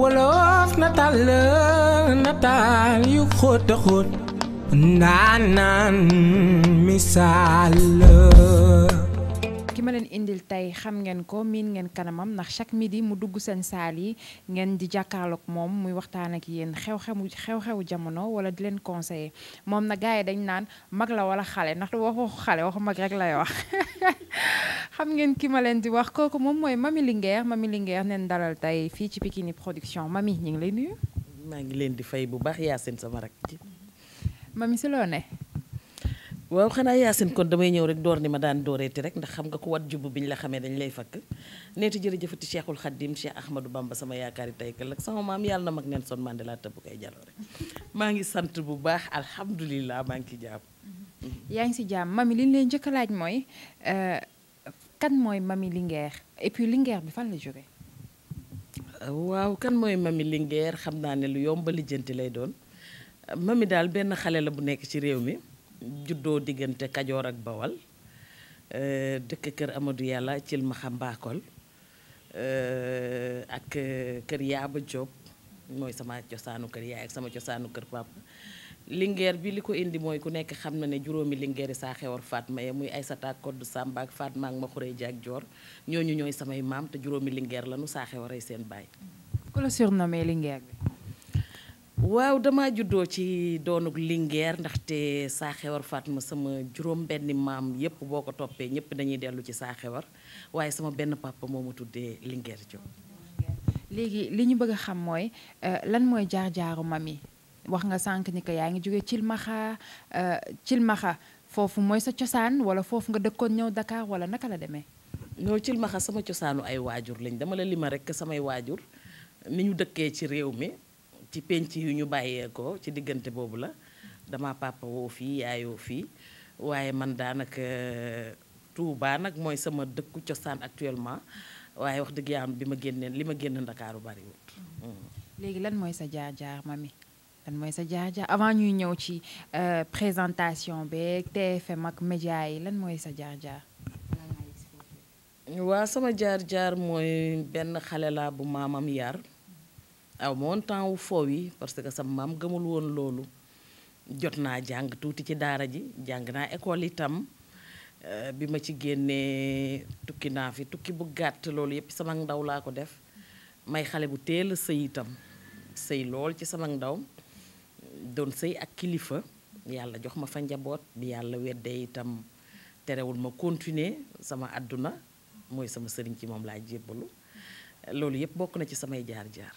wolof nataal la nataal yu xóot a xóot naan naan misaal indil tey xam ngeen ko miin ngeen kanamam ndax chaque midi mu dugg seen saal ngeen di jàkkaarloog moom muy waxtaan ak yéen xew xew jamono wala di leen conseiller moom na gars yi dañ naan mag la wala xale ndax waxu xale waxu mag rek lay wax xam ngeen ki ma leen di wax kooku moom mooy Mamy Linguère Mamy Linguère neen dalal tey fii ci Pikini Production Mamy ñu ngi lay nuyu. maa ngi leen di fay bu baax Yacine sama rak ji. Mamy si loo ne. waaw xanaa yaasin kon damay ñëw rek door ni ma daan dooreeti rek ndax xam nga ko wat jubb bi ñu la xamee dañ lay fakk neeti jërëjëfati cheikhul xadim cheikh ahmadou bamba sama yaakaari tey ëllëg sama maam yàlla mag neen son Mandela tëbb koy jaloore maa ngi sant bu baax alhamdulilah maa ngi ci jàmm mm-hmm. yaa ngi si jàmm mami li ñu lay njëkk laaj mooy euh, kan mooy mami Linguère et puis Linguère bi fan la jógee waaw kan mooy mami Linguère xam naa ne lu yomb ba lijjanti lay doon mami daal benn xale la bu nekk ci réew mi juddoo diggante Kajoor ak Bawal euh, dëkk kër amadu Yàlla cil ma xam mbaakol euh, ak euh, kër Yaaba Diop mooy sama cosaanu kër yaay ak sama cosaanu kër papa lingeer bi li ko indi mooy ku nekk xam na ne juróomi lingeeri saa xewar Fatma ya muy Aysata Kodd Samba ak Fatma ak ma xuree jaak ñooñu ñooy samay maam te juróomi lingeer lanu saa xewaray seen baay waaw dama juddoo ci doonuk Linguère ndaxte Saaxewar ma sama juróom benni maam yëpp boo ko toppee ñëpp dañuy dellu ci Saaxewar waaye sama benn papa moo ma tuddee Linguère Diop. léegi li ñu bëgg a xam mooy euh, lan mooy jaar-jaaru mam yi wax nga sànq ni ko yaa ngi jóge Cilmaxa euh, Cilmaxa foofu mooy sa cosaan wala foofu nga dëkkoon ñëw dakaar wala naka la demee. non Cilmaxa sama cosaanu ay waajur lañ dama la lima rek samay waajur ni ñu dëkkee ci réew mi. ci penc yu ñu bàyyeekoo ci diggante boobu la dama papa fii yaayoo fii waaye man daanaka euh, Touba nag mooy sama dëkku cosaan actuellement waaye wax dëgg yàlla bi ma génnee li ma génn Ndakaaru bariwut mm. léegi lan mooy sa jaar-jaar mami lan mooy sa jaar-jaar avant ñuy ñëw ci euh, présentation beeg TFM ak média yi lan mooy sa jaar-jaar waa sama jaar-jaar mooy benn xale laa bu maamam yar aw ma woon temps yi parce que sama maam gëmul woon loolu jot naa jàng tuuti ci daara ji jàng naa école itam euh, bi ma ci génnee tukki naa fi tukki bu gàtt loolu yëpp sama ndaw laa ko def may xale bu teel a sëy itam sëy lool ci sama ndaw doon sëy ak kilifa yàlla jox ma fa njaboot bi yàlla weddee itam terewul ma continuer sama àdduna mooy sama sëriñ ci moom laay jébbalu loolu yëpp bokk na ci samay jaar-jaar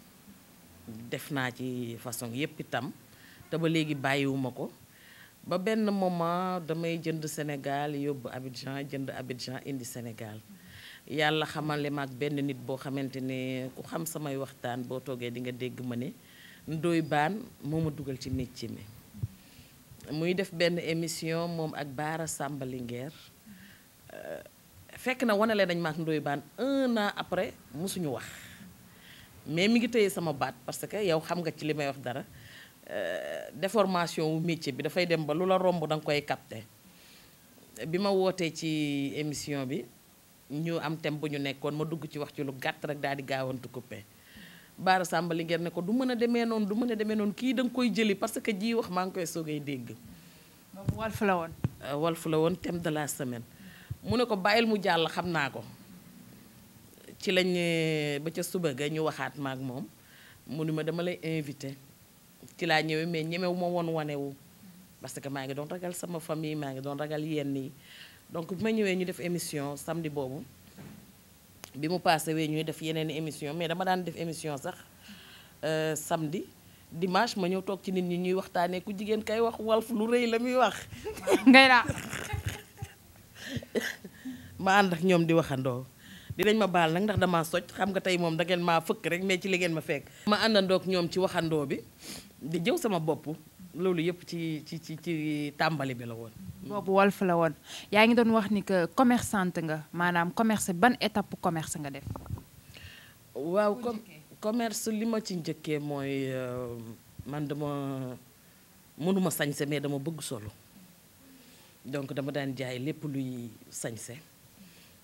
def naa ci façon yépp itam te ba léegi bàyyiwuma ko ba benn moment damay jënd Sénégal yóbbu Abidjan jënd Abidjan indi Sénégal yàlla xamal ma ak benn nit boo xamante ne ku xam samay waxtaan boo toogee di nga dégg ma ne Ndoye Bane moo ma dugal ci métier mi muy def benn émission moom ak Baara Samba Linguère euh, fekk na an après musuñu wax mais mi ngi téye sama baat parce que yow xam nga ci li may wax dara euh, déformation wu métier bi dafay dem ba lu la romb da nga koy capter bi ma wootee ci émission bi ñu am thème bu ñu nekkoon ma dugg ci wax ci lu gàtt rek daal di gaawantu coupé Baara Samba li ngeen ne ko du mën a demee noonu du mën a demee noonu kii da nga koy jëli parce que ji wax maa ngi koy soogay dégg. Walf la woon. Euh, Walf la woon thème de la semaine mu ne ko bàyyil mu jàll xam naa ko. ci lañ ba ca suba ga ñu waxaat maag moom mu ni ma dama lay invité ci laa ñëwee mais ñemewu ma woon wanewu parce que maa ngi doon ragal sama famille maa ngi doon ragal yenn yi donc bi ma ñëwee ñu def émission samedi boobu bi mu passé wee ñuy def yeneen émission mais dama daan def émission sax euh, samedi dimanche ma ñëw toog ci nit ñi ñuy waxtaanee ku jigéen kay wax Walf lu rëy la muy wax ngay naa ma ànd ak ñoom di waxandoo dinañ ma balang, nak ndax dama socc xam nga tay mom da ngeen ma fekk rek mais ci li ngeen ma fekk ma andandok ñom ci waxando bi di jëw sama bop lolu yëpp ci ci ci ci tambali bi la won bop wolf la won yaangi doon wax ni que commerçante nga manam commerce ban étape commerce nga def waaw commerce li ma ci ñëkke moy euh, man dama mënuma sañse mais dama bëgg solo donc dama daan jaay lepp luy sañse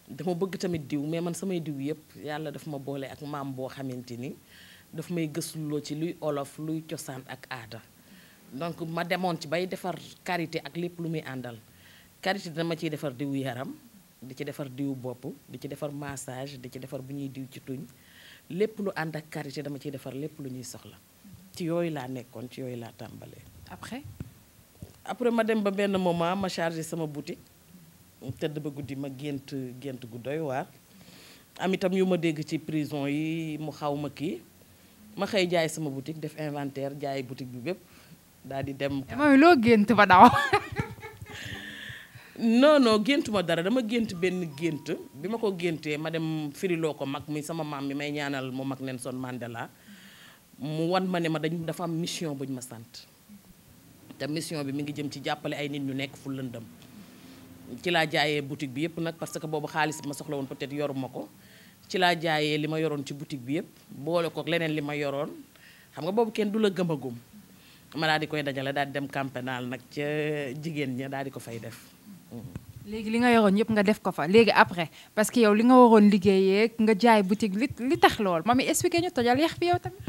dama bëgg tamit diw mais man samay diw yëpp yàlla daf ma boole ak maam boo xamante ni dafa may gëstuloo ci luy olof luy cosaan ak aata donc ma demoon ci bay defar quarité ak lépp lu muy àndal karité dama ciy defar diw yaram di ci defar diw bopp di ci defar massage di ci defar bu ñuy diw ci tuñ lépp lu ànd ak karité dama ciy defar lépp lu ñuy soxla ci yooyu laa nekkoon ci yooyu laa tàmbalee. après. ma dem ba benn moment ma chargé sama boutique. tëdd ba guddi ma gént gént gu doy waar am itam yu ma dégg ci prison yi mu xaw ma kii ma xëy jaay sama boutique def inventaire jaay boutique bi bépp daal di dem. mooy loo gént ba daw. non non géntu ma dara dama gént benn gént bi ma ko géntee ma dem firiloo ko mag mi sama maam mi may ñaanal mu mag Nelson Mandela mu wan ma ne ma dañ dafa am mission buñ ma sant te mission bi mu ngi jëm ci jàppale ay nit ñu nekk fu lëndëm ci la jaayé boutique bi yépp nak parce que bobu xaaliss bi ma soxla won peut-être yoruma ko ci la jaayé lima yoron ci boutique bi yépp bolé ko ak lenen lima yoron xam nga bobu kèn dula la gum ma la di koy daal dem camp nak ci jigen ñi daal di ko fay def. Mm-hmm. légui li nga yoron yépp nga def ko fa légui après parce que yow li nga liggéeyé nga jaay boutique li li tax lool mami expliquer ñu tojal yéex fi yow tamit.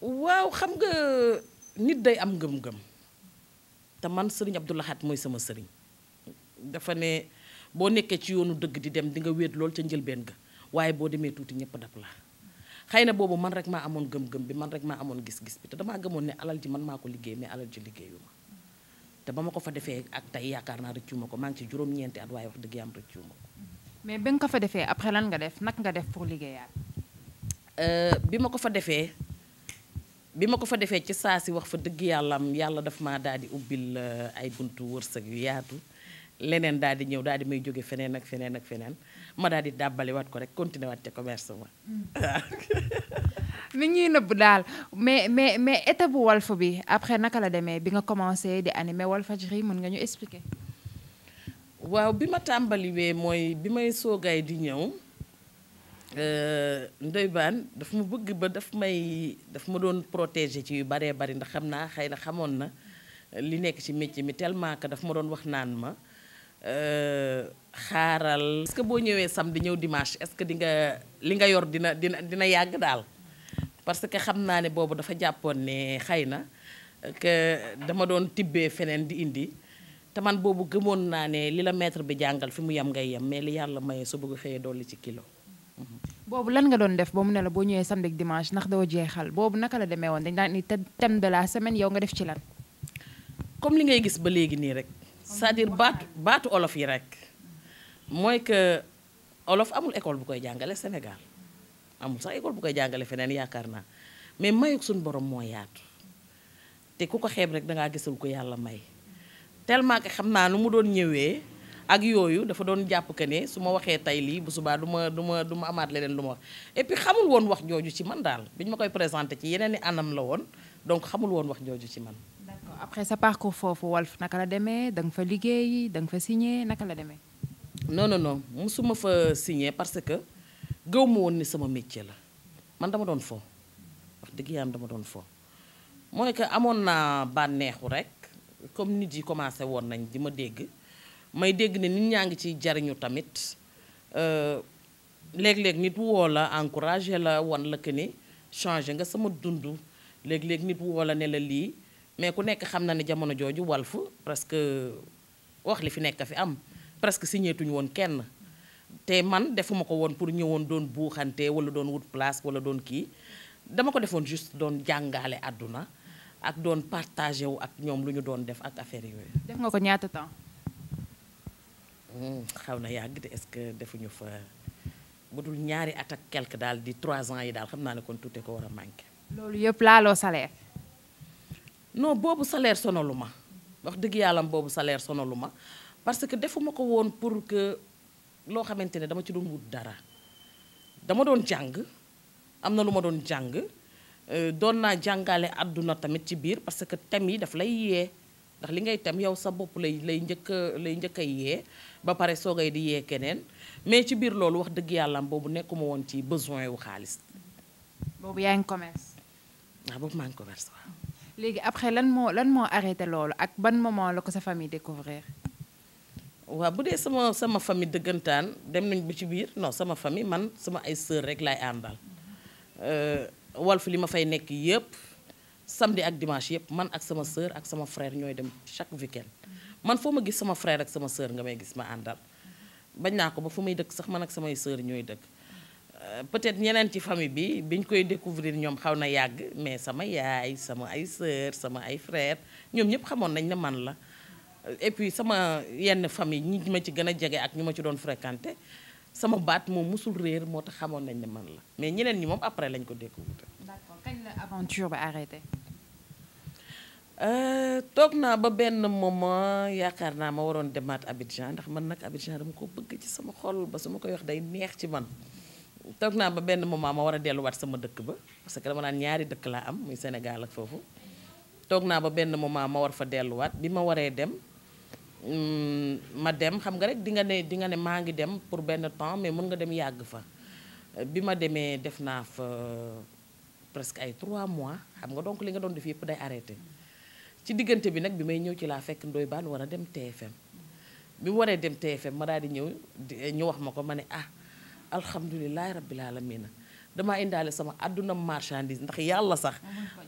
waaw xam nga nit day am gëm gëm te man serigne sama serigne dafa ne boo nekkee ci yoonu dëgg di dem di nga wéet lool ca njëlbeen ga waaye boo demee tuuti ñëpp dab la xëy na boobu man rek maa amoon gëm-gëm bi man rek maa amoon gis-gis bi te damaa gëmoon ne alal ji man maa ko liggéey mais alal ji te ba ma ko fa defee ak tey yaakaar naa rëccu ma ko maa ngi ci juróom-ñeenti at waaye wax dëgg yàlla rëccu ma mais ba nga ko fa defee après lan nga def nag nga def pour liggéeyaat. Euh, bi ma ko fa defee bi ma ko fa defee ci saa si wax fa dëgg yàlla am yàlla dafa maa daal di ubbil euh, ay buntu wërsëg yu yaatu. leneen daal di ñëw daal di may jóge feneen ak feneen ak feneen ma daal di dàbbali ko rek continuer waat ca commerce ma ni ñuy nëbb daal mais mais mais étape bu Walf bi après naka la demee bi nga commencé di animé Walfadjri mën nga ñu expliquer. waaw bi ma tàmbaliwee mooy bi may soogaay di ñëw euh, Ndoye Bane dafa ma bëgg ba daf may daf ma doon protéger ci yu baree bari ndax xam naa xëy na xamoon na li nekk ci métier mi tellement que daf ma doon wax naan ma Euh, xaaral. est-ce boo ñëwee samedi ñëw dimanche est-ce que di nga li nga yor dina dina dina yàgg daal parce que xam naa ne boobu dafa jàppoon ne xëy na que dama doon tibbee feneen di indi te man boobu gëmoon naa ne li la maître bi jàngal fi mu yem ngay yem mais li yàlla maye su bëgg xëyee dolli ci kilo. Mhm. boobu lan nga doon def ba mu ne la boo ñëwee samedi ak dimanche ndax doo jeexal boobu naka la demee woon dañ daan ni te de la semaine yow nga def ci lan. comme li ngay gis ba léegi nii rek. cest à baatu baatu olof yi rek mooy que olof amul école bu koy jàngalee Sénégal amul sax école bu koy jàngalee feneen yaakaar naa mais mayuk suñu borom moo yaatu te ku ko xeeb rek dangaa gisul ko yàlla may tellement que xam naa nu mu doon ñëwee ak yooyu dafa doon jàpp que ne su ma waxee tey lii bu subaa du ma du ma du ma amaat leneen lu ma wax et puis xamul woon wax jooju ci man daal bi ñu ma koy présenté ci yeneen i anam la woon donc xamul woon wax jooju ci man après sa parcours foofu Walf naka la dang fa liggéey signer fa signé naka non non non musuma fa signé parce que mon sama métier la man dama fo wax dama fo que rek comme nit di dégg may dégg ne nit tamit lég euh, lég nit la encourager la won la que ni changer nga sama dundu nit la mais ku nekk xam na ne jamono jooju Walf presque wax li fi nekk fi am presque signéetuñu woon kenn te man defuma ko woon pour ñëwoon doon buuxante wala doon wut place wala doon kii dama ko defoon juste doon jàngaale àdduna ak doon partagé wu ak ñoom lu ñu doon def ak affaire yooyu. def nga ko ñaata temps. Hmm, xaw na yàgg te est-ce que defuñu fa bu dul ñaari at ak quelque daal di trois ans yi daal xam naa ne kon tuuti ko war a manqué. loolu yëpp laaloo salaire. non boobu salaire sonalu ma wax dëgg yàlla boobu sono lu ma parce que defuma ko woon pour que loo xamante ne dama ci doon wut dara dama doon jàng am na lu ma doon jàng euh, doon naa jàngale àdduna tamit ci biir parce que thème yi daf lay yee ndax li ngay tem yow sa bopp lay lay njëkk lay njëkk a yee ba pare soogay di yee keneen mais ci biir loolu wax dëgg yàlla boobu nekkuma woon ci besoin wu xaalis. boobu yaa ngi commerce. waaw boobu ngi commerce waaw. Après, après lan qui lan mo arrêté À ak ban moment la sa famille découvrir wa bu sama sama famille de dem nañ bu ci bir non sama famille man sama ay sœur rek laay andal. Euh, Walf li ma fay nek samedi ak dimanche Je man ak sama sœur ak sama frère ñoy dem chaque weekend man foo ma gis sama frère ak sama sœur nga may gis ma andal. bañ suis ko ba fu dëkk sax man ak sœur euh, peut-être ñeneen ci famille bi biñ koy découvrir ñoom xaw na yàgg mais sama yaay sama ay sœur sama ay frère ñoom ñëpp xamoon nañ ne man la et puis sama yenn famille ñi ma ci gën a jege ak ñu ma ci doon fréquenté sama baat moom musul réer moo tax xamoon nañ ne man la mais ñeneen ñi moom après lañ ko découvrir. d'accord kañ la aventure ba arrêté. Euh, toog naa ba benn moment yaakaar naa ma waroon demaat Abidjan ndax man nag Abidjan dama ko bëgg ci sama xol ba su ma koy wax day neex ci man. tok na ba benn moment ma wara delu wat sama dekk ba parce que dama nan ñaari dekk la am muy Sénégal ak fofu tok na ba benn moment ma war fa delu wat ma waré dem mm, ma dem xam nga rek di nga ne di nga ne ma ngi dem pour benn temps mais mën nga dem yàgg fa bi ma def na fa presque ay 3 mois xam nga donc li nga don def yëpp day arrêté ci digënté bi nak bi ñëw ci la fekk ndoy Bane wara dem TFM bima waré dem TFM ma daal di ñëw ñu wax ma mané ah alhamdulilahi rabbil alamina damaa indaale sama àdduna marchandise ndax yàlla sax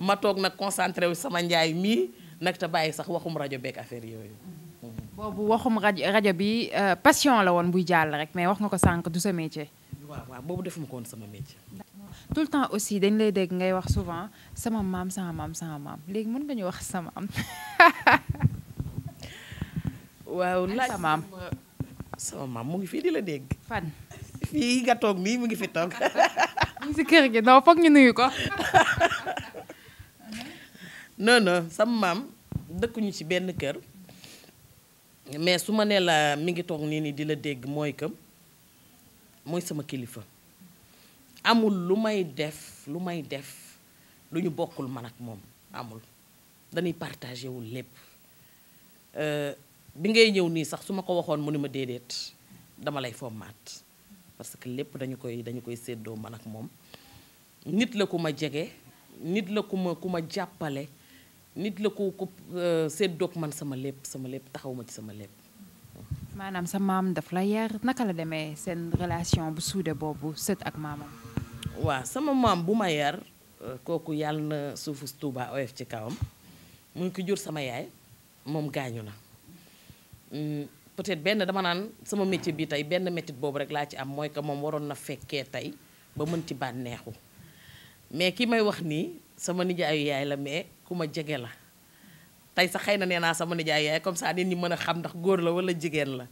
ma toog nag concentré wu sama njaay mii nag te bàyyi sax waxum rajo beek affaire yooyu boobu waxum rajo rajo bi euh, passion la woon buy jàll rek mais wax nga ko sànq du sa métier waaw boobu defuma ko woon sama métier tout le temps aussi dañ lay dégg ngay wax souvent sama maam sama maam sama maam léegi mën nga ñu wax sama am waaw mu ngi fii di la dégg fan fii nga toog nii mu ngi fi toog. mu si kër gi non foog ñu nuyu ko. non sama maam dëkkuñu ci benn kër mais su ma nee la mi ngi toog nii nii di la dégg mooy que mooy sama kilifa amul lu may def lu may def lu ñu bokkul man ak moom amul dañuy partagé wul lépp euh, bi ngay ñëw nii sax su ma ko waxoon mu ni ma déedéet dama lay fommaat. parce que lépp dañu koy dañu koy séddoo man ak moom nit la ku ma jege nit la ku ma ku ma jàppale nit la ku ku euh, séddoog man sama lépp sama lépp taxaw ma ci sama lépp. maanaam sa maam daf la yar naka la demee seen relation bu suude boobu sët ak maamam. waaw sama maam bu ma yar euh, kooku yàlla na suufu Touba oyof ci kawam muy ko jur sama yaay moom gaañu na. Mm, peut-être benn dama naan sama métier bi tey benn métit boobu rek laa ci am mooy que moom waroon na fekkee tey ba mën ci bànneexu mais ki may wax nii sama nijaayu yaay la mais ku ma jege la tey sax xëy na nee naa sama nijaayu yaay comme ça nit ñi mën a xam ndax góor la walla jigéen la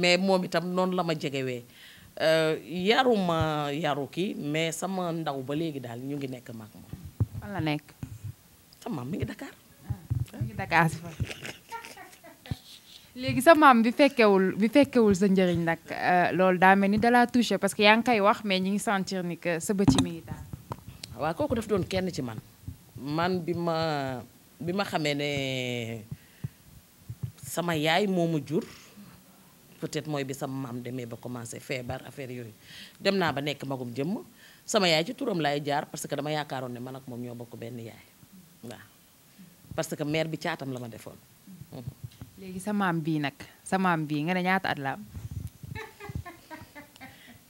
mais moom itam noonu la ma jegewee euh, yaruma yaru ki mais sama ndaw ba léegi daal ñu ngi nekk maag moom fan la nekk. ngi Dakar. mi ngi Dakar si ah, fa léegi sa maam bi fekkewul bi fekkewul sa njëriñ nag euh, loolu daa mel ni dalaa touché parce que yaa ngi koy wax mais ñi ngi sentir ni que sa bëcc mi ngi daal. waaw kooku daf doon kenn ci man man bi ma bi ma xamee ne sama yaay moo ma jur peut-être mooy bi sama maam demee ba commencé feebar affaire yooyu dem naa ba nekk magum jëmm sama yaay ci turam laay jaar parce que dama yaakaaroon ne man ak moom ñoo bokk benn yaay waaw parce que mère bi caatam la ma defoon. Mhm. léegi sa maam bii nag sa nga la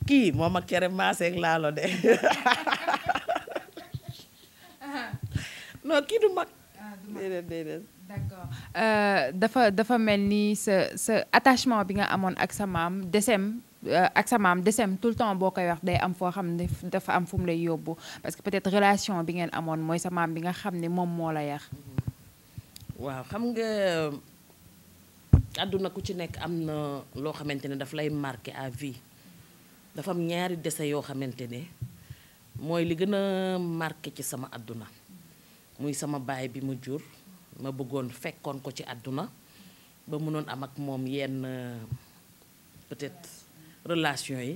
de non dafa dafa attachement bi nga amoon ak sa maam euh, ak tout le temps boo wax day am foo xam dafa am fu mu parce que peut-être relation bi ngeen amoon mooy sa bi nga xam ne moom moo la mm-hmm. waaw xam àdduna ku ci nekk am na loo xamante ne daf lay marqué à vie dafa am ñaari dese yoo xamante ne mooy li gën a marqué ci sama àdduna muy sama baay bi mu jur ma bëggoon fekkoon ko ci àdduna ba mënoon am ak moom yenn peut-être relation yi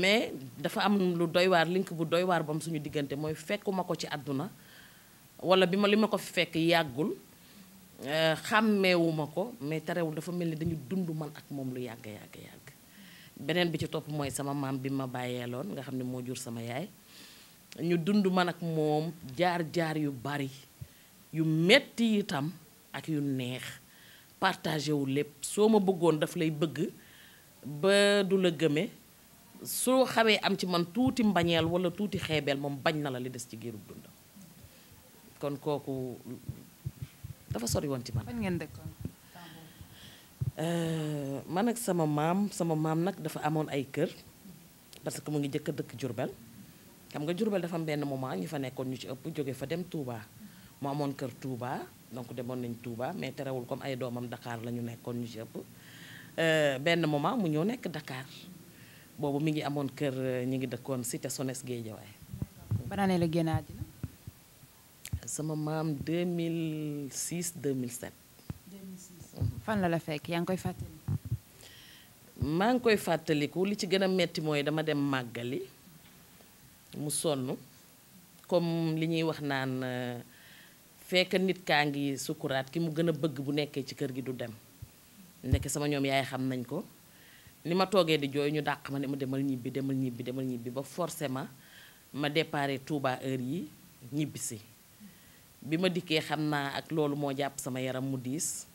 mais dafa am lu doy waar link bu doy waar ba suñu diggante mooy fekkuma ko ci àdduna walla bi ma li ma ko fekk yàggul Euh, xàmmeewuma ko mais terewul dafa mel ni dañu dund man ak moom lu yàgg yàgg yàgg beneen bi ci topp mooy sama maam bi ma bàyyeeloon nga xam ne moo jur sama yaay ñu dund man ak moom jaar-jaar yu bari yu metti itam ak yu neex partagé wu lépp soo ma bëggoon daf lay bëgg ba du la gëme soo xawee am ci man tuuti mbañeel walla tuuti xeebeel moom bañ na la li des ci géerub dundam kon kooku dafa sori won ci man. fan ngeen euh man ak sama mam sama mam nak dafa amone ay kër parce que mo ngi jëk a dëkk Jurbel xam nga Jurbel dafa am benn moment ñu fa nekkon ñu ci ëpp joggé fa dem Touba mo amone kër Touba donc demone nañ Touba mais téréwul comme ay domam Dakar lañu nekkon ñu ci ëpp eh, benn moment mu ñëw nekk Dakar bobu mi ngi amone kër ñi eh, ngi dëkkoon cité Sones Guédiawaye. ban banane la gëna adina sama maam 2006 2007. 2006 fan la la fekk yaa ngi koy fàttali. maa ngi koy fàttaliku li ci gën a metti mooy dama dem màggali mu sonn comme li ñuy wax naan euh, fekk nit kaa ngi sukkuraat ki mu gën a bëgg bu nekkee ci kër gi du dem nekk sama ñoom yaay xam nañ ko ni ma toogee di jooy ñu dàq ma ne ma demal ñibbi demal ñibbi demal ñibbi ba forcément ma ma déparé Touba heure yi ñibbisi bi ma dikkee xam naa ak loolu moo jàpp sama yaram mu diis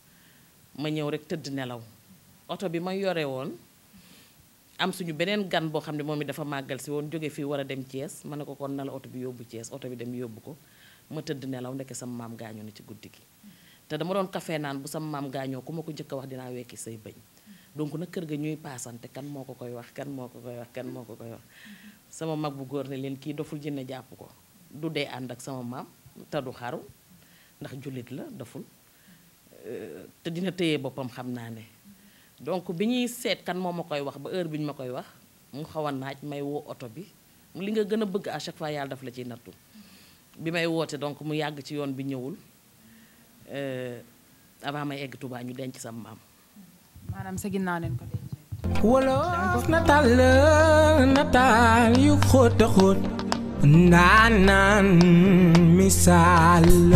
ma ñëw rek tëdd nelaw oto bi ma yore woon am suñu beneen gan boo xam ne moom it dafa màggal si woon jóge fii war a dem Thiès ma ne ko kon na la oto bi yóbbu Thiès oto bi dem yóbbu ko ma tëdd nelaw ndeke sama maam gaañoo na ci guddi gi te dama doon kafe naan bu sama maam gaañoo ku ma ko njëkk a wax dinaa wekki say bëñ donc nag kër gi ñuy paasante kan moo ko koy wax kan moo ko koy wax moo ko koy wax sama mag góor ne leen kii doful jàpp ko du dee ànd ak sama maam te du xaru ndax jullit la daful te dina téye boppam xam naa ne donc bi ñuy seet kan moom ma koy wax ba heure bi ñu ma koy wax mu xaw a naaj may woo oto bi li nga gën a bëgg à chaque fois yàlla daf la ciy nattu bi may woote donc mu yàgg ci yoon bi ñëwul euh, avant may egg Touba ñu denc sam maam. maanaam sa ginnaaw wolof nataal la nataal yu xóot a xóot nanan misale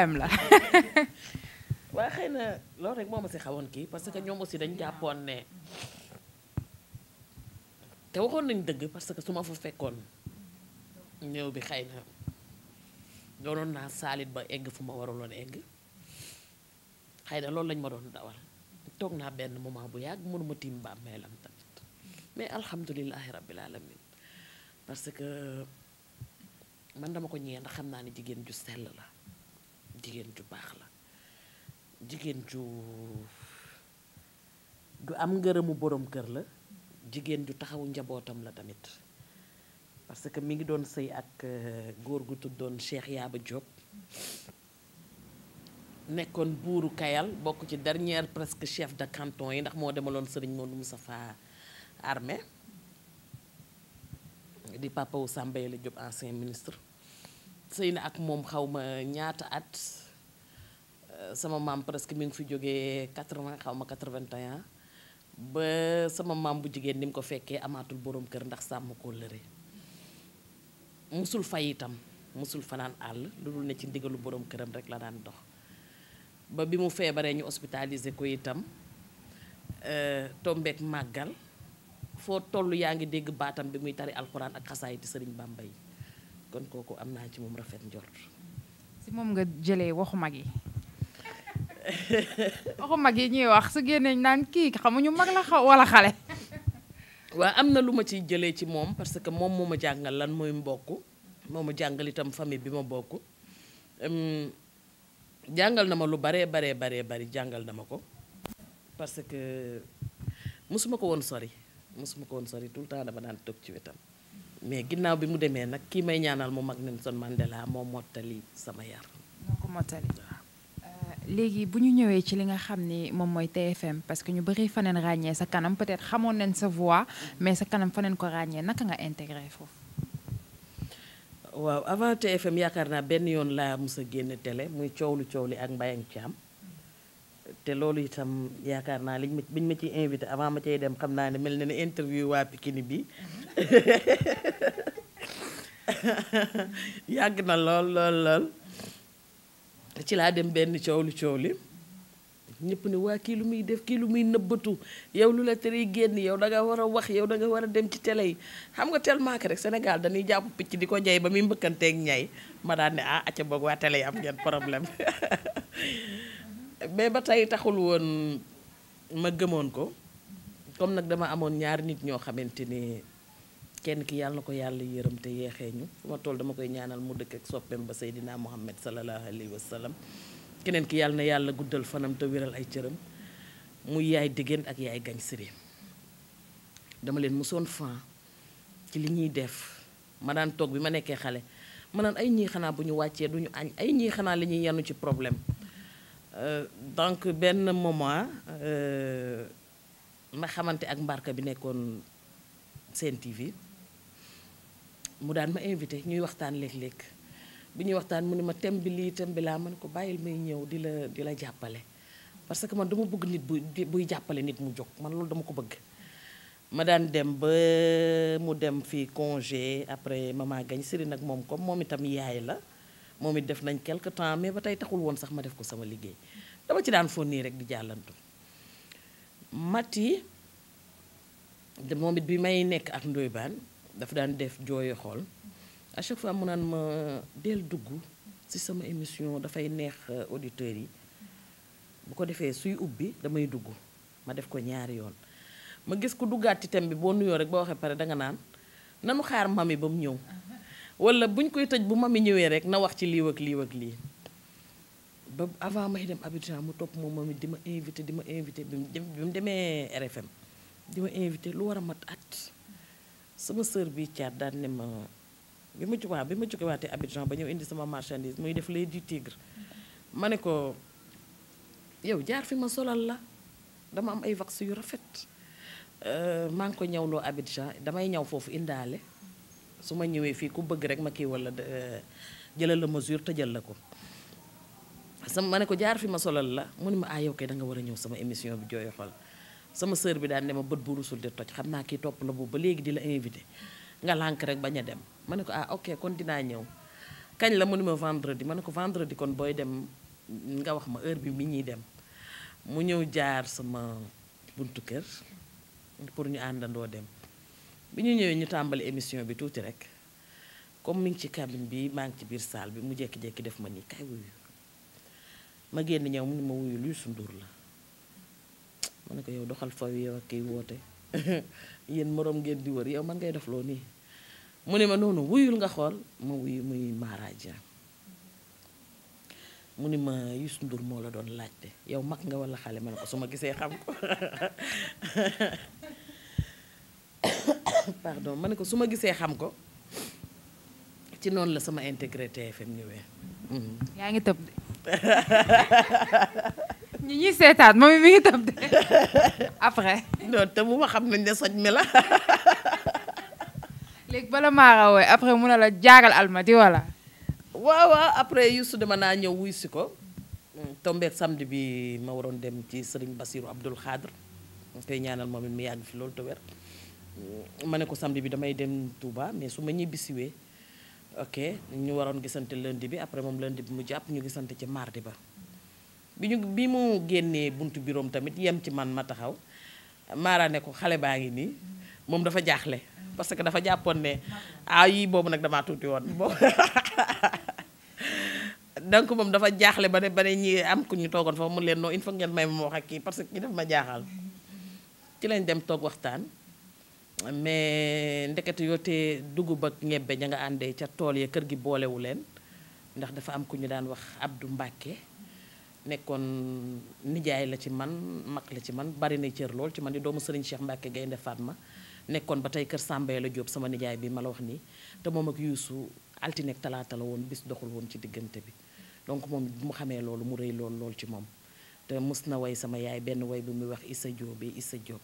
am la waaye xëy na loolu rek moma ma xawon ki parce que ñom aussi dañ jappone ne te waxon nañ deug parce que suma fa fekkoon ñew bi xëy na doonoon naa saalit ba egg fu ma waruloon egg xeyna lool lañ ma doon dawal tok na ben moment bu yàgg mënuma melam ta mais alhamdulilahi rabbil alamin parce que man dama ko ñëw ndax xamna ni jigen ju sel la jigen ju bax la jigen ju du am borom kër la jigen ju taxawu njabotam la tamit parce que mi ngi doon sey ak euh, góor gu tuddoon Cheikh yaba job nekkoon buuru Kayal bokku ci dernière presque chef de canton yi ndax moo demaloon Serigne Modou Moustapha armée di papa wu le job ancien ministre sëy na ak mom xawma ñaata at euh, sama mam presque mi ngi fi jógee 80 xawma ma 81 ba sama mam bu jigen nim ko fekkee amatul borom kër ndax sam ko lëre musul fay itam musul fanaan all lu ne ci ndigalu borom këram rek la daan dox ba bi mu feebaree ñu hospitaliser ko itam euh, tombeek magal fo tollu yaangi deg batam bi muy tari alcorane ak xasaay di sëriñ Bàmba kon koku amna ci mom rafet ndior si mom nga jele, waxu magi waxu magi ñi wax su génneñ naan kii xamuñu mag la wala xale wa amna luma lu jele ci mom parce que mom moma jangal lan moy mbokk moma jangal itam famille bi ma bokk jàngal na ma lu bare bare bare bare jangal na ma ko parce que musuma ko won sori mosuma ko woon sori tout le temps dama daan toog ci wetam mais ginnaaw bi mu demee nag kii may ñaanal mu mag Nelson Mandela moo mottali sama yar. moo ko euh, léegi bu ñu ñëwee ci li nga xam ni moom mooy TFM parce que ñu bëri faneen ràññee sa kanam peut-être xamoon nañ sa voix mm-hmm. mais sa kanam faneen ko ràññee naka nga intégré foofu. waaw avant TFM yaakaar naa benn yoon laa mos a génn tele muy coow lu coow li ak Mbayang Thiam. te loolu itam yaakaar naa liñ ma biñ ma ciy invité avant ma cay dem xam naa ne mel na ne interview waa Pikine bi yàgg na lool lool lool ci laa dem benn coow li coow li ñëpp ne waa kii lu muy def kii lu muy nëbbatu yow lu la tere génn yow da nga war a wax yow da war a dem ci tele yi xam nga tellement que rek Sénégal dañuy jàpp picc di ko ñay ba muy mbëkkanteek ñay ma daan ne ah acca boog waa télé yi am ngeen problème mais ba tey taxul woon ma gëmoon ko comme nag dama amoon ñaari nit ñoo xamante ni kenn ki yàlla ko yàlla yërëm te yeexee ñu fu ma toll dama koy ñaanal mu dëkk ak soppeem ba seydinaa Muhammad sallallahu alayhi wa sallam keneen ki yàlla na yàlla guddal fanam te wéral ay cëram mu yaay diggéen ak yaay gañ siri dama leen mosoon fan ci li ñuy def ma daan toog bi ma nekkee xale ma naan ay ñii xanaa bu ñu wàccee du ñu añ ay ñii xanaa li ñuy yanu ci problème Euh, donc benn moment euh, ma xamante ak mbarka bi nekkoon Sen TV mu daan ma invité ñuy waxtaan léeg-léeg bu ñuy waxtaan mu ne ma thème bi lii thème bi laa mën ko bàyyil may ñëw di la di la jàppale parce que man dama bëgg nit buy buy jàppale nit mu jóg man loolu dama ko bëgg ma daan dem ba mu dem fii congé après maman gañ siri nag moom comme moom itam yaay la moom it def nañ quelque temps mais ba tey taxul woon sax ma def ko sama liggéey dama ci daan fon nii rek di jàllantu Mati moom it bi may nekk ak Ndoye Bane dafa daan def jooyu xool à chaque fois mu naan ma del dugg ci sama émission dafay neex euh, auditeurs yi bu ko defee suy ubbi damay dugg ma def ko ñaari yoon ma gis ku duggaat ci thème bi boo nuyoo rek boo waxee pare danga naan nanu xaar mami ba mu ñëw wala buñ koy tëj bu mami ñëwee rek na wax ci lii ak lii ak ba avant may dem Abidjan mu topp moom mami di ma invité di ma invité bi mu demee RFM di ma invité lu war a mat at sama sœur bi caat daan ne ma bi ma waaw bi ma ba ñëw indi sama marchandise muy def lay di tigre ma ne ko yow jaar fi ma solal la dama am ay wax yu rafet euh, maa ngi ko ñawloo Abidjan damay ñaw foofu indaale su ma ñëwee ku bëgg rek ma kii wala eh, jëlal la mesure te jël la ko sama ma ne ko jaar fi ma solal la mu ne ma ayo ah, kay da nga war ñëw sama émission bi jooy xol sama sœur bi daan ne ma bët bu rusul di toj xam naa kii topp la boobu ba léegi di la invité nga rek a dem ma ne ko ah ok kon dinaa ñëw kañ la mu ne ma vendredi ma ko vendredi kon dem nga wax ma heure bi mi dem mu ñëw jaar sama buntu kër pour ñu dem bi ñu ñëwee ñu tàmbali émission bi tuuti rek comme mi ci cabine bi maa ngi ci biir saal bi mu jékki-jékki def ma nii kay wuyu ma génn ñëw mu ne ma la ma ne ko yow doxal faw woote yéen moroom ngeen di wër yow man ngay def loo nii mu ne ma noonu wuyul nga xool ma wuyu muy maaraaja mu ni ma Youssou Ndour moo la doon laajte yow mag nga walla xale ma ne ko su ma gisee xam ko pardon mané ko suma gisé xam ko ci non la sama intégré TFM ñëwee. hmm ya nga de. ñi ñi sétat moom mi ngi tëb après. non te mu ma xam nañ né soñ mi la. lég bala ma rawé après mu na la jaagal di wala. wa wa après yusu dama na ñëw wuy si mm, samedi bi ma waron dem ci Serigne Bassirou Abdoul Khadr. tey ñaanal moom mi yag fi to wer mané ne ko samedi bi damay dem Touba mais su ma oke ok ñu waron gisante lundi bi après mom lundi bi mu japp ñu gisante ci mardi ba bi ñu bi mu génné buntu birom tamit yem ci man ma taxaw Mara ne ko xalé baangi ni mom dafa jaxlé parce que dafa jàppoon ne ah yii boobu nag damaa tuuti woon donc mom dafa jaxlé bané bané ñi am ku ñu togon fa mu leen no une fois ngeen may mo wax parce que ki dafa ma jaxal ci lañ dem tok waxtaan mais ndekete yoo te dugub ak ñebbe ña nga àndee ca tool ya kër gi boolewu leen ndax dafa am ku ñu daan wax Abdou Mbàkke nekkoon nijaay la ci man mag la ci man bari na cër lool ci man di doomu Serigne Cheikh Mbàkke Gaynde faat ma nekkoon ba tey kër Sàmba la Jóob sama nijaay bi ma la wax nii te moom ak Yuusu altine ak talaata la woon bis doxul woon ci diggante bi donc moom mu xamee loolu mu rëy lool lool ci moom te mus na woy sama yaay benn woy bi muy wax Issa Jóob bi Issa Jóob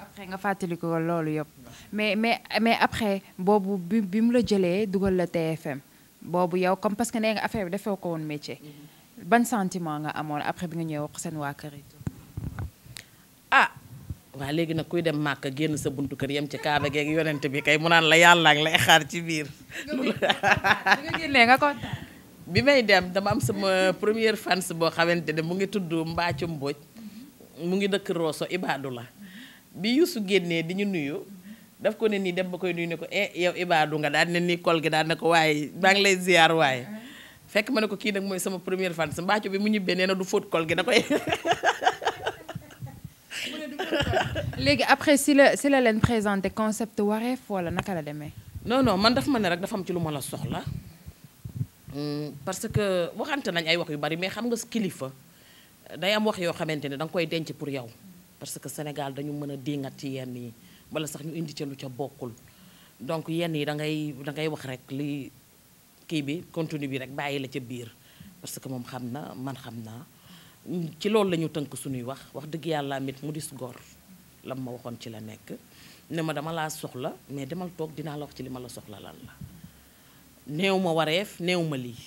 après nga fàttali ko loolu yëpp mais mais mais après boobu bi mu la jëlee dugal la TFM boobu yow comme parce que nee nga affaire bi defee ko woon métier mm-hmm. ban sentiment nga amoon après bi nga ñëw wax seen waa kër yi ah waa léegi nag kuy dem màkk génn sa buntu kër yem ci kaaba geeg yonent bi kay mu naan la yàlla ak xaar ci biir. nga génnee bi may dem dama am sama première fans boo xamante ne mu ngi tudd Mbacum Mbodj mm-hmm. mu ngi dëkk Rosso Ibadou la bi Youssou génnee di ñu nuyu daf ko ne nii dem ba koy nuyu ne ko eh yow ibaadu nga daan ne nii kol gi daan ne ko waaye maa ngi lay ziar waaye fekk ma ne ko kii nag mooy sama première fan sa mbaaco bi mu ñibbee nee na du fóot kol gi après si la si la leen présenté concept wareef wala naka la demee non man daf ma ne rek dafa am ci lu ma la soxla hmm, parce que waxante nañ ay wax yu bari mais xam nga kilifa day am wax yoo xamante ne da nga koy denc pour yow parce que Sénégal dañu mëna a dingat yenn yi wala sax ñu indi ci lu ca bokul donc yenn yi da ngay da ngay wax rek li ki bi contenu bi rek bayyi la ci biir parce que mom xamna man xamna ci loolu lañu teunk suñuy wax wax deug yalla mit mu dis lam ma waxon ci la nek ne ma dama la soxla mais demal tok dina la wax ci lima la soxla lan la néew ma wareef néew ma lii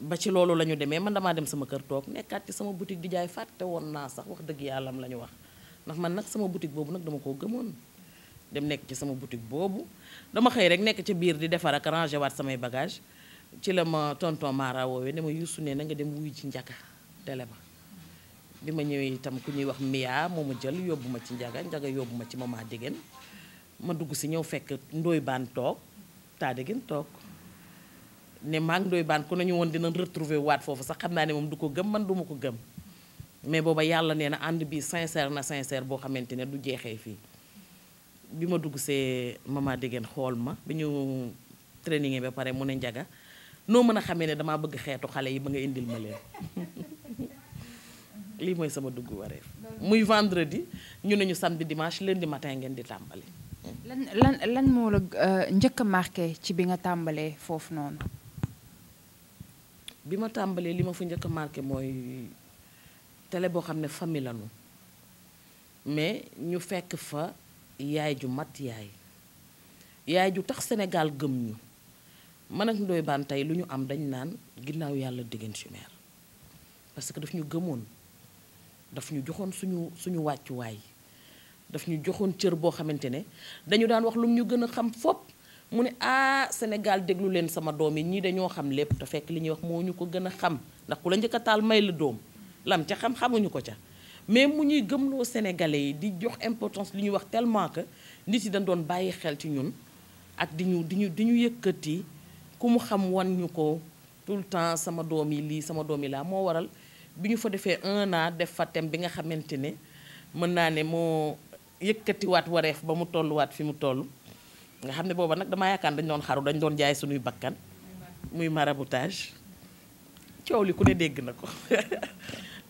ba ci loolu lañu ñu man dama dem sama kër tok nekkat ci sama boutique di jaay faté won na sax wax deug yalla la wax ndax man nag sama boutique boobu nag dama koo gëmoon dem nekk ci sama boutique boobu dama xëy rek nekk ci biir di defar ak ranger waat samay bagage ci la ma tonton Mara woowee ne ma Youssou ne na nga dem wuyu ci njaga télé ma bi ma ñëwee itam ku ñuy wax Mia moo ma jël yóbbu ma ci njaga njaga yóbbu ma ci mama Degen ma dugg si ñëw fekk Ndoye baan toog taa Degen toog ne maa ngi Ndoye Bane ku nañu woon dina retrouver waat foofu sax xam naa ne moom du ko gëm man du ma ko gëm mais booba yàlla nee na ànd bi sincère na sincère boo xamante ne du jeexee fii bi ma dugg see mama déggeen xool ma bi ñu training ba pare mu ne njaga noo mën a xamee ne damaa bëgg xeetu xale yi ba nga indil ma leen lii mooy sama dugg wareef muy vendredi ñu ne ñu samedi dimanche di matin ngeen di tàmbale lan lan lan moo la euh, njëkk a marqué ci bi nga tàmbalee foofu noonu. bi ma tàmbalee li ma fa njëkk a mooy. télé boo xam ne famille lañu mais ñu fekk fa yaay ju mat yaay yaay ju tax Sénégal gëm ñu man ak Ndoye Bane tey lu ñu am dañ naan ginnaaw yàlla Déguène Chimère parce que daf ñu gëmoon daf ñu joxoon suñu suñu wàccuwaay daf ñu joxoon cër boo xamante ne dañu daan wax lu ñu gën a xam fopp mu ne ah Sénégal déglu leen sama doom yi ñii dañoo xam lépp te fekk li ñuy wax moo ñu ko gën a xam ndax ku la njëkk taal may la doom lam ca xam xamuñu ko ca mais mu ñuy gëmloo sénégalais yi di jox importance li ñuy wax tellement que nit yi dañ doon bàyyi xel ci ñun ak di ñu di ñu di yëkkati ku mu xam wan ñu ko tout le temps sama doom yi lii sama doom yi laa moo waral bi ñu fa defee un an def fa thème bi nga xamante ne mën naa ne moo waat wareef ba mu tolluwaat fi mu toll nga xam ne booba nag damaa yaakaar dañ doon xaru dañ doon jaay suñuy bakkan muy maraboutage coow li ku ne dégg na ko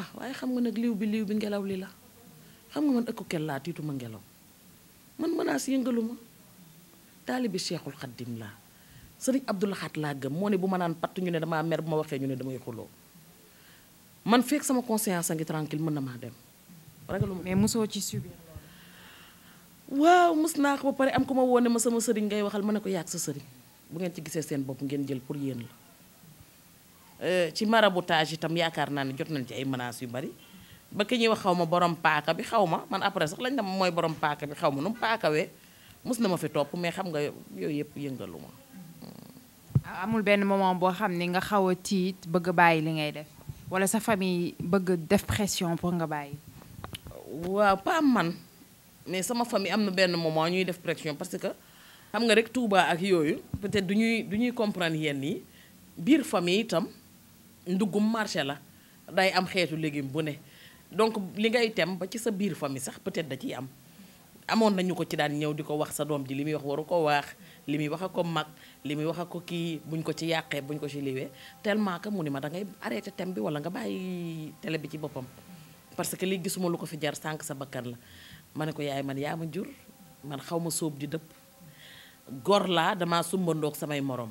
ah waaye xam nga nag liw bi liw bi ngelaw li la xam nga man ëkku kel laa tiituma ngelaw man menace yëngaluma taalibi Cheikhul Xaddim laa sëriñ Abdou Lahad laa gëm moo ne bu ma naan patt ñu ne damaa mer bu ma waxee ñu ne damay xuloo man fekk sama conscience a ngi tranquille mën na maa dem lu ma mosoo ci subir waaw mos naa ko ba pare am ku ma woone ma sama sëriñ ngay waxal ma ne ko yaag sa sëriñ bu ngeen ci gisee seen bopp ngeen jël pour yéen la Eh, ci marabotage tam yaakar na ni jot ci ay menace yu bari ba ki ñi wax ma borom paaka bi xawma ma man après sax lañ dem moy borom paaka bi xawma num paaka mu musna mus ma fi top mais xam nga yoy yep yëngaluma amul ben moment bo xamni nga xawa tiit bëgg a li ngay def wala sa famille bëgg def pression pour nga bàyyi. wa pa man mais sama famille amna ben moment ñuy def pression parce que xam nga rek Touba ak yoyu peut-être duñuy duñuy comprendre yenn ni bir famille itam ndugum marché la day am xeetu légume bu ne donc li ngay tem ba ci sa biir famille sax peut-être da am amon nañu ko ci daan ñëw di ko wax sa doom ji li wax waru ko wax limi muy wax a ko mag li wax a ko buñ ko ci buñ ko ci tellement que da ngay arrêté tem bi wala nga bàyyi télé bi ci boppam parce que gisuma lu ko fi jar sànq sa mana la ko yaay man yaa mana jur man xaw ma sóob di dëpp gor laa samay morom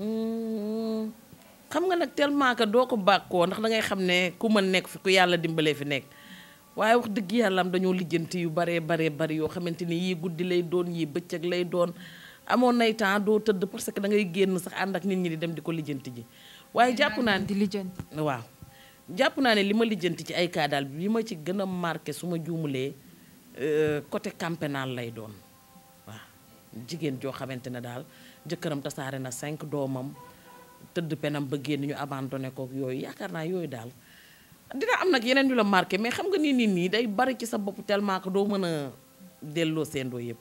Mm-hmm. xam nga nag tellement que doo ko bàkkoo ndax da ngay xam ne ku mën nekk fi ku yàlla dimbalee fi nekk waaye wax dëgg yàlla am dañoo lijjanti yu baree baree bari yoo xamante ni yii guddi lay doon yii bëccëg lay doon amoon nay temps doo tëdd parce que da ngay génn sax ànd ak nit ñi di dem di ko lijjanti ji waaye jàpp naa ne di lijjanti waaw jàpp naa ne li ma lijjanti ci ay cas daal bi ma ci gën a marqué su ma juumulee euh, côté camp pénal lay doon waaw jigéen joo xamante ne daal jëkkëram tasaare na cinq doomam tëdd penam ba génn ñu abandonné ko yooyu yaakaar naa yooyu daal dina am nag yeneen yu la marqué mais xam nga nii nit nii day bari ci sa bopp tellement que doo mën a delloo seen doo yëpp.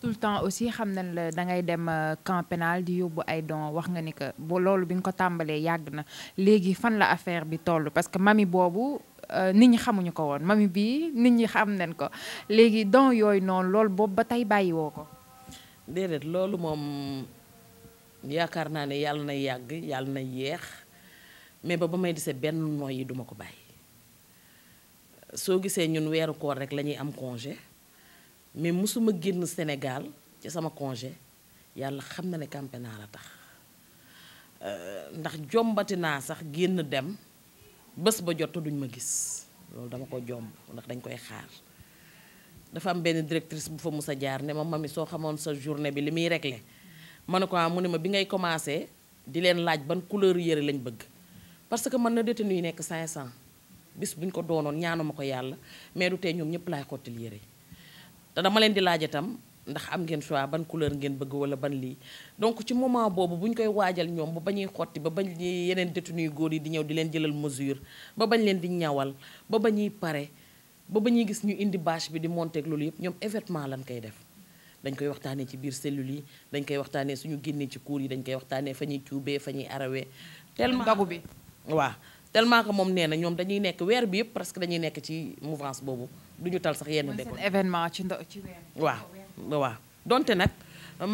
tout le temps aussi xam nañ la da ngay dem euh, camp pénal di yóbbu ay don wax nga ni que bo loolu bi nga ko tàmbalee yàgg na léegi fan la affaire bi toll parce que mami boobu euh, nit ñi xamuñu ko woon mami bii nit ñi xam nañ ko léegi don yooyu noonu loolu boobu ko. yaakaar naa ne yàlla na yàgg yàlla na yeex mais ba ba may desee benn nooy yi duma ko bàyyi soo gisee ñun weeru koor rek la ñuy am congé mais mosuma génn Sénégal ci sama congé yàlla xam na ne campé naa la tax euh, ndax jombati naa sax génn dem bés ba jot duñ ma gis loolu dama ko jomb ndax dañ koy xaar dafa am benn directrice bu fa mus a jaar ne ma mami soo xamoon sa journée bi li muy réglé man ne ko ah, mu ne ma bi ngay commencé di leen laaj ban couleur yére lañ bëgg parce que mën na détenu yi nekk 500 bis buñ ko doonoon ñaanuma ko yàlla mais du tee ñoom ñëpp laay xottil yëre te dama laaj itam ndax am ngeen choix ban couleur ngeen bëgg wala ban lii donc ci moment boobu bu ñu koy waajal ñoom ba bañuy xotti ba bañ yeneen détenu góor yi di ñëw di leen jëlal mesure ba bañ leen di ñawal ba bañuy pare ba ba ñuy gis ñu indi bâche bi di monter ak loolu yëpp ñoom événement lañ koy def dañ koy waxtaanee ci biir cellule yi dañ koy waxtaanee suñu génnee ci cours yi dañ koy waxtaanee fa ñuy cuubee fa ñuy arawee tellement dagu bi waaw tellement que moom nee na ñoom dañuy nekk weer bi yëpp presque dañuy nekk ci mouvance boobu duñu tal sax yenn déko événement ci ndo ci waaw waaw donte nag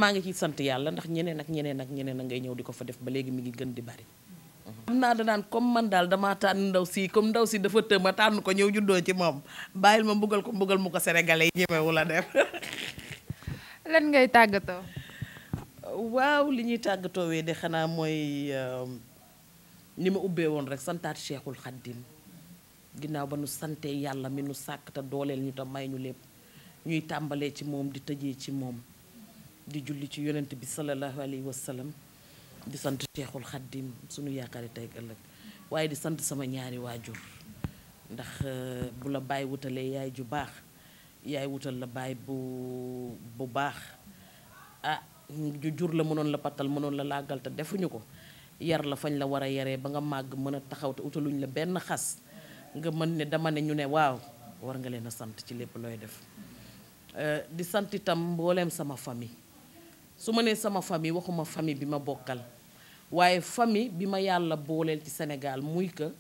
maa ngi ciy sant yàlla ndax ñeneen ak ñeneen ak ñeneen a ngay ñëw di ko fa def ba léegi mi ngi gën di bari mm-hmm. am naa daan comme man daal damaa tànn ndaw si comme ndaw si dafa tëb ma tànn ko ñëw juddoo ci moom bàyyil ma mbugal ko mbugal mu ko sénégalais lan ngay tàggatoo. waaw li ñuy tàggatoo wee de xanaa mooy euh, ni ma ubbee woon rek santaat seexul Khadim ginnaaw ba nu santee yàlla mi nu sàkk te dooleel ñu te may ñu lépp ñuy tàmbalee ci moom di tëjee ci moom di julli ci yonent bi sallallahu alayhi wa di sant Cheikhul Khadim suñu yaakaari tey ëllëg waaye di sant sama ñaari waajur ndax euh, bu la bàyyi wutale yaay ju baax. yaay wutal la baay bu bu baax a ah, ju jur la mënoon la pattal mënoon la laagal te defuñu ko yar la fañ la war a yaree ba nga màgg mën a taxaw te utaluñ la benn xas nga mën ne dama ne ñu ne waaw war nga leen a sant ci lépp looy def eh, di sant itam mbooleem sama famille su ma nee sama famille waxuma famille bi ma bokkal waaye famille bi ma yàlla booleel ci Sénégal muy que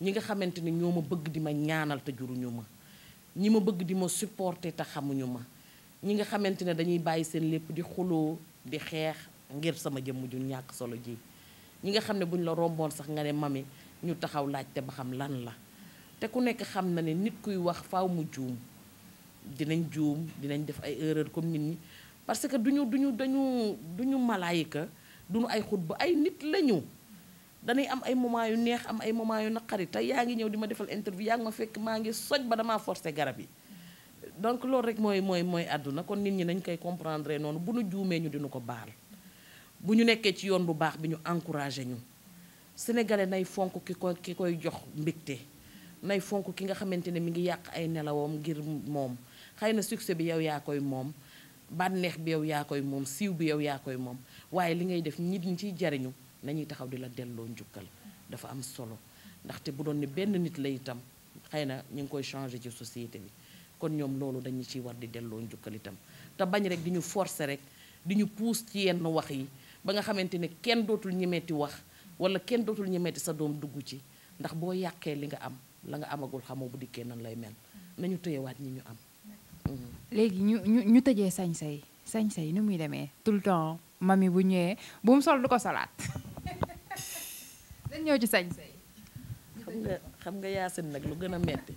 ñi nga xamante ni ñoo ma bëgg di ma ñaanal te juruñu ma ñi ma bëgg di ma supporter te xamuñu ma ñi nga xamante ne dañuy bàyyi seen lépp di xuloo di xeex ngir sama jëmm ju ñàkk solo ji ñi nga xam ne buñ la romboon sax nga ne mami ñu taxaw laajte ba xam lan la te ku nekk xam na ne nit kuy wax faw mu juum dinañ juum dinañ def ay erreur comme nit ñi parce que duñu duñu dañu duñu malaayika duñu ay xut ba ay nit lañu danay am ay moment yu neex am ay moment yu naqari te yaa ngi ñëw di ma defal interview yaa ngi ma fekk maa ngi soj ba dama forcé garab yi donc loolu rek mooy mooy mooy àdduna kon nit ñi nañ koy comprendre noonu bu nu juumee ñu dinu ko baal bu ñu nekkee ci yoon bu baax bi ñu encouragé ñu sénégalais nay fonk ki ko ki koy jox mbégte nay fonk ki nga xamante ne mi ngi yàq ay nelawam ngir moom xëy na succès bi yow yaa koy moom bànneex bi yow yaa koy moom siiw bi yow yaa koy moom waaye li ngay def nit ñi ciy jariñu nañuy taxaw di la delloo njukkal dafa am solo ndaxte bu doon ne benn nit la itam xëy na ñu ngi koy changer ci société bi kon ñoom loolu dañu ciy war di delloo njukkal itam te bañ rek di ñu forcer rek di ñu puus ci yenn wax yi ba nga xamante ne kenn dootul ñemeeti wax wala kenn dootul ñemeeti sa doom dugg ci ndax boo yàqee li nga am la nga amagul xamoo bu dikkee nan lay mel nañu waat ñi ñu am. léegi ñu ñu ñu tëjee sañ-say sañ yi ni muy demee tout le temps mami bu ñëwee bu sol du ko solaat. dañ ñëw ci sañse xam nga xam nga yaasin nag lu gën a metti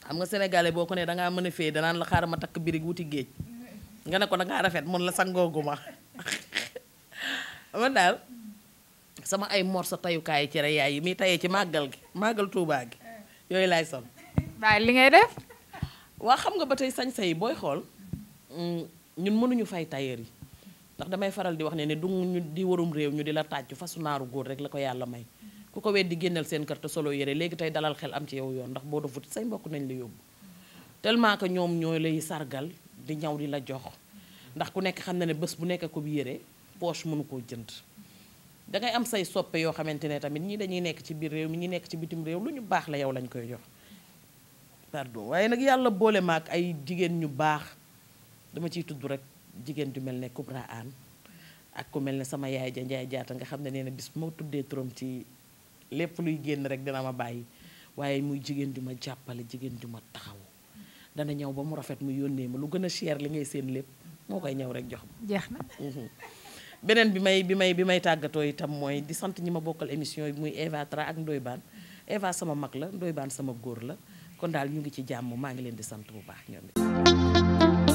xam nga sénégalais boo ko nee dangaa mën a fee danaan la xaaral ma takk birig wuti géej nga ne ko dangaa rafet mun la sangooguma man daal sama ay morso tayukaayu cere yaay yi muy tayee ci màggal gi màggal tuubaa gi yooyu laay sol waaye li ngay def waa xam nga ba tey sañse yi booy xool mm, ñun mënuñu fay tailleur yi ndax damay faral di wax ne ne du ñu di warum réew ñu di la tàccu fasu naaru góor rek la ko yàlla may ku ko di génnal seen kër te solo yére léegi tey dalal xel am ci yow yoon ndax boo defut say mbokk nañ la yóbbu tellement que ñoom ñoo lay sargal di ñaw di la jox ndax ku nekk xam na ne bés bu nekk ko yére poche mënu koo jënd da am say soppe yoo xamante ne tamit ñii dañuy nekk ci biir réew mi ñi nekk ci bitim réew lu ñu baax la yow lañ koy jox pardon waaye nag yàlla boole maak ay jigéen ñu baax dama ciy tudd rek Jigen du melne Kubra Aan ak ku melne sama yaay ja ndjay jaata nga xamne ne bis mo tuddé turam ci lepp luy genn rek dina ma bayyi waye muy jigen du ma jàppale jigen du ma taxaw dana ñew ba mu rafet mu yonne ma lu gëna share cher li ngay seen lepp mo koy ñew rek jox jeexna mhm. benen bi may bi may bi may tagato itam moy di sante ñima bokal émission muy Eva Tra ak Ndoy Ban Eva sama mak la Ndoy Ban sama góor la kon dal ñu ngi ci jamm ma ngi leen di sante bu baax ñoom